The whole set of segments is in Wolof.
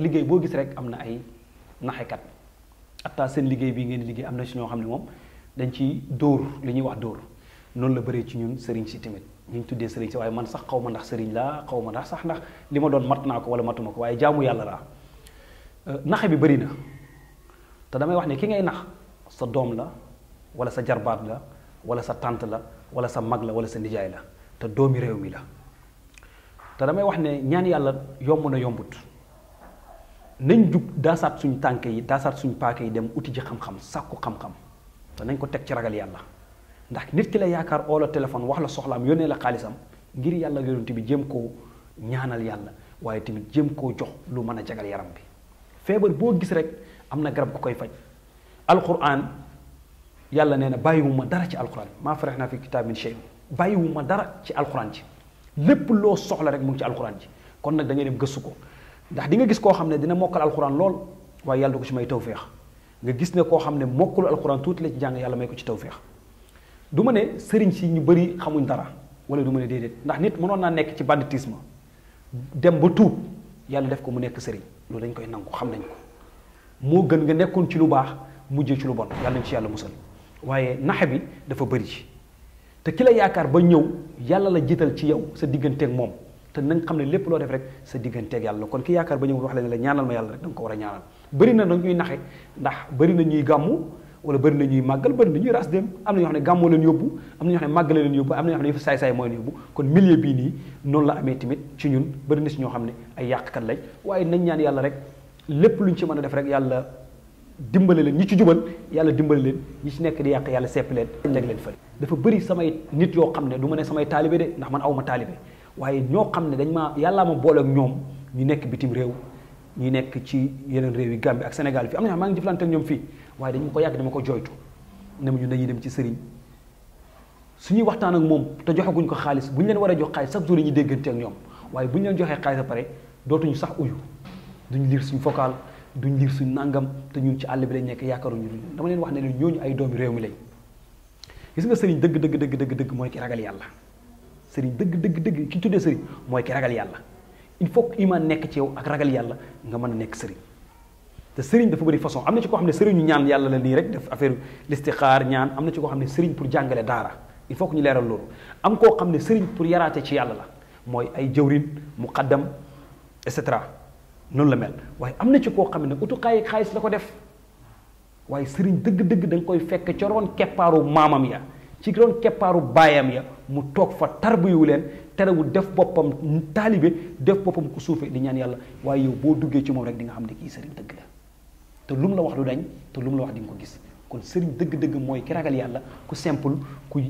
liggéey boo gis rek am na ay naxekat atta seen liggéey bii ngeen liggéey am na si ñoo xam ne moom dañ ci dóor li ñuy wax dóor noonu la bëree ci ñun sëriñ si tamit ñu ngi tuddee sëriñ si waaye man sax xaw ma ndax sëriñ la xaw ma ndax sax ndax li ma doon mat naa ko wala matuma ko waaye jaamu yàlla laa naxe bi bëri na te damay wax ne ki ngay nax sa doom la wala sa jarbaat la wala sa tante la wala sa mag la wala sa nijaay la te doomi réew mi la te damay wax ne ñaan yàlla yomb na yombut nañ jug daasaat suñ tànk yi daasaat suñ paak yi dem uti ji xam-xam sàkku xam-xam te nañ ko teg ci ragal yàlla ndax nit ki la yaakaar oo la téléphone wax la soxlaam yónnee la xaalisam ngir yàlla yonent bi jéem koo ñaanal yàlla waaye tamit jéem koo jox lu mën a jagal yaram bi feebar boo gis rek am na garab gu koy faj alquran yàlla nee na bàyyiwuma dara ci alquran maa farax naa fi kitaab min shay bàyyiwuma dara ci alquran ci lépp loo soxla rek mu ngi ci alquran ci kon nag da ngay dem gëstu ko ndax di nga gis koo xam ne dina mokkal alquran lool waaye yàlla ko ci may tawféex nga gis ne koo xam ne alquran tuuti la ci jàng yàlla may ko ci tawféex du ne sëriñ si ñu bëri xamuñ dara wala du ne déedéet ndax nit mënoon naa nekk ci banditisme dem ba tuub yàlla def ko mu nekk sëriñ loolu dañ koy nangu xam nañ ko moo gën nga nekkoon ci lu baax mujjee ci lu bon yàlla nañ ci yàlla musal waaye naxe bi dafa bari ci te ki la yaakaar ba ñëw yàlla la jiital ci yow sa digganteeg moom te na xam ne lépp loo def rek sa digganteeg yàlla kon ki yaakaar ba ñëw wax la ne la ñaanal ma yàlla rek da ko war a ñaanal bëri na nag ñuy naxe ndax bari na ñuy gàmmu wala bari na ñuy màggal bari na ñuy ras dem am na ñoo xam ne gàmmoo leen yóbbu am na ñoo xam ne màggale leen yóbbu am na ñoo xam ne yëf saay-saay mooy leen yóbbu kon milieu bii nii noonu la amee tamit ci ñun bari na si ñoo xam ne ay yàqkat lañ waaye nañ ñaan yàlla rek lépp luñ ci mën a def rek yàlla dimbale leen ñi ci jubal yàlla dimbale leen ñi ci nekk di yàq yàlla sepp leen teg leen fële dafa bëri samay nit yoo xam ne du ma ne samay taalibe de ndax man awma taalibe waaye ñoo xam ne dañ ma yàllaa ma boole ak ñoom ñu nekk bitim réew ñu nekk ci yeneen réew yi Gambie ak Sénégal fii am na maa ngi jëflante ak ñoom fii waaye dañu ko yàgg dama ko jooytu ne ma ñu dañuy dem ci sëriñ suñuy waxtaan ak moom te joxaguñ ko xaalis bu ñu leen war a jox xaalis chaque jour yi ñuy déggante ñoom waaye bu leen joxee xaalis ba pare dootuñu sax uyu duñ liir suñ vocal duñ liir suñ nàngam te ñun ci àll bi lañ nekk yaakaaruñu luñ leen wax ne leen ñooñu ay doomi réew mi lañ gis nga sëriñ dëgg dëgg dëgg dëgg dëgg mooy ki ragal yàlla sëriñ dëgg dëgg dëgg ki tuddee sëriñ mooy ki ragal yàlla il faut que nekk ci yow ak ragal yàlla nga mën a nekk sëriñ te sëriñ dafa bëri façon am na ci koo xam ne sëriñu ñaan yàlla la nii rek def affaire listixaar ñaan am na ci koo xam ne sëriñ pour jàngale daara il faut ñu leeral loolu am koo xam ne sëriñ pour yaraate ci yàlla la mooy ay jëwrin muqaddam et cetera noonu la mel waaye am na ci koo xam ne nag utukaay xaalis la ko def waaye sëriñ dëgg-dëgg da koy fekk ca roon keppaaru maamam ya ci roon keppaaru baayam ya mu toog fa tarbiyu leen terewul def boppam taalibe def boppam ku suufee di ñaan yàlla waaye yow boo duggee ci moom rek di nga xam ne kii sëriñ dëgg la te lu mu la wax du dañ te lu mu la wax di nga ko gis kon sëriñ dëgg-dëgg mooy ki ragal yàlla ku simple ku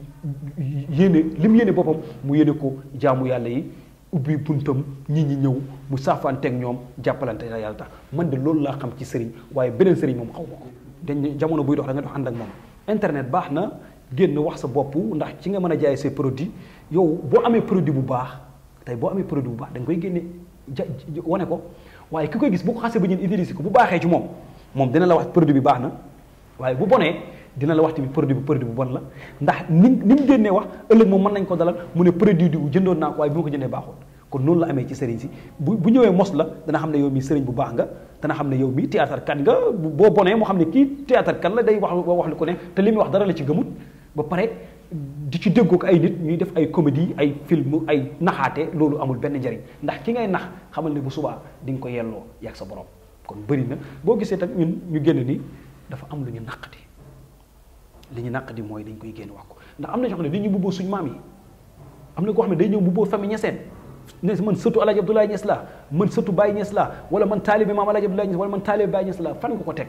yéene li mu yéene boppam mu yéene ko jaamu yàlla yi ubbi buntam nit ñi ñëw mu saafaanteeg ñoom jàppalante la yàlla tax man de loolu laa xam ci sëriñ waaye beneen sëriñ moom xaw ma ko dañ jamono buy dox da nga dox ànd ak moom internet baax na génn wax sa bopp ndax ci nga mën a jaay say produit yow boo amee produit bu baax tey boo amee produit bu baax da koy génne ja wane ko waaye ki koy gis bu ko xasee ba ñun utiliser ko bu baaxee ci moom moom dina la wax produit bi baax na waaye bu bonee dina la wax tamit produit bi produit bu bon la ndax ni ni mu génnee wax ëllëg moom mën nañ ko dalal mu ne produit bi jëndoon naa waaye bi ma ko kon noonu la amee ci sëriñ bu bu mos la dana xam ne yow mii sëriñ bu baax nga dana xam ne yow mii théâtre kat nga boo bonee moo xam ne kii théâtre kat la day wax wax lu ko ne te li muy wax dara la ci gëmut ba pare di ci déggoo ko ay nit ñuy def ay comédie ay film ay naxaate loolu amul benn njariñ ndax ki ngay nax xamal ne bu subaa di nga ko yelloo yàgg sa borom kon bëri na boo gisee tam ñun ñu génn nii dafa am lu ñu naqadi li ñu naqadi mooy dañ koy génn wax ko ndax am na ñoo xam ne dañuy bubboo suñu maam yi am na koo xam ne day ñëw bubboo famille ñeseen ne man sëtu Alaaji Abdoulaye Niass la man sëtu Baye Niass la wala man taalibe maam Alaaji Abdoulaye Niass wala man taalibe Baye Niass la fan nga ko teg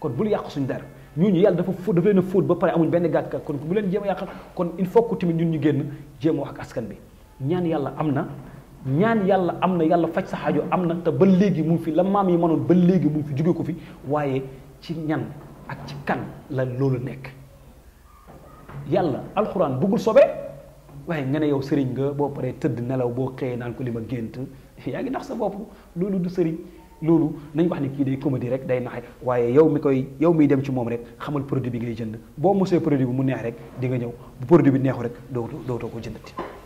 kon bul yàq suñu der ñu ñu yàlla dafa fóot dafa leen fóot ba pare amuñ benn gàkk kon bu leen jéem a yàqal kon il faut que tamit ñun ñu génn jéem wax ak askan bi ñaan yàlla am na ñaan yàlla am na yàlla faj sa xaajo am na te ba léegi mu ngi fi la maam yi mënoon ba léegi mu ngi fi jóge ko fi waaye ci ñan ak ci kan la loolu nekk yàlla alxuraan bëggul sobe waaye nga ne yow sëriñ nga boo paree tëdd nelaw boo xëyee naan ko li ma gént yaa ngi ndax sa bopp loolu du sëriñ loolu nañu wax ni kii day comédie rek day naxe waaye yow mi koy yow miy dem ci moom rek xamal produit bi ngay jënd boo mosee produit bi mu neex rek di nga ñëw bu produit bi neexu rek doo dootoo ko jëndati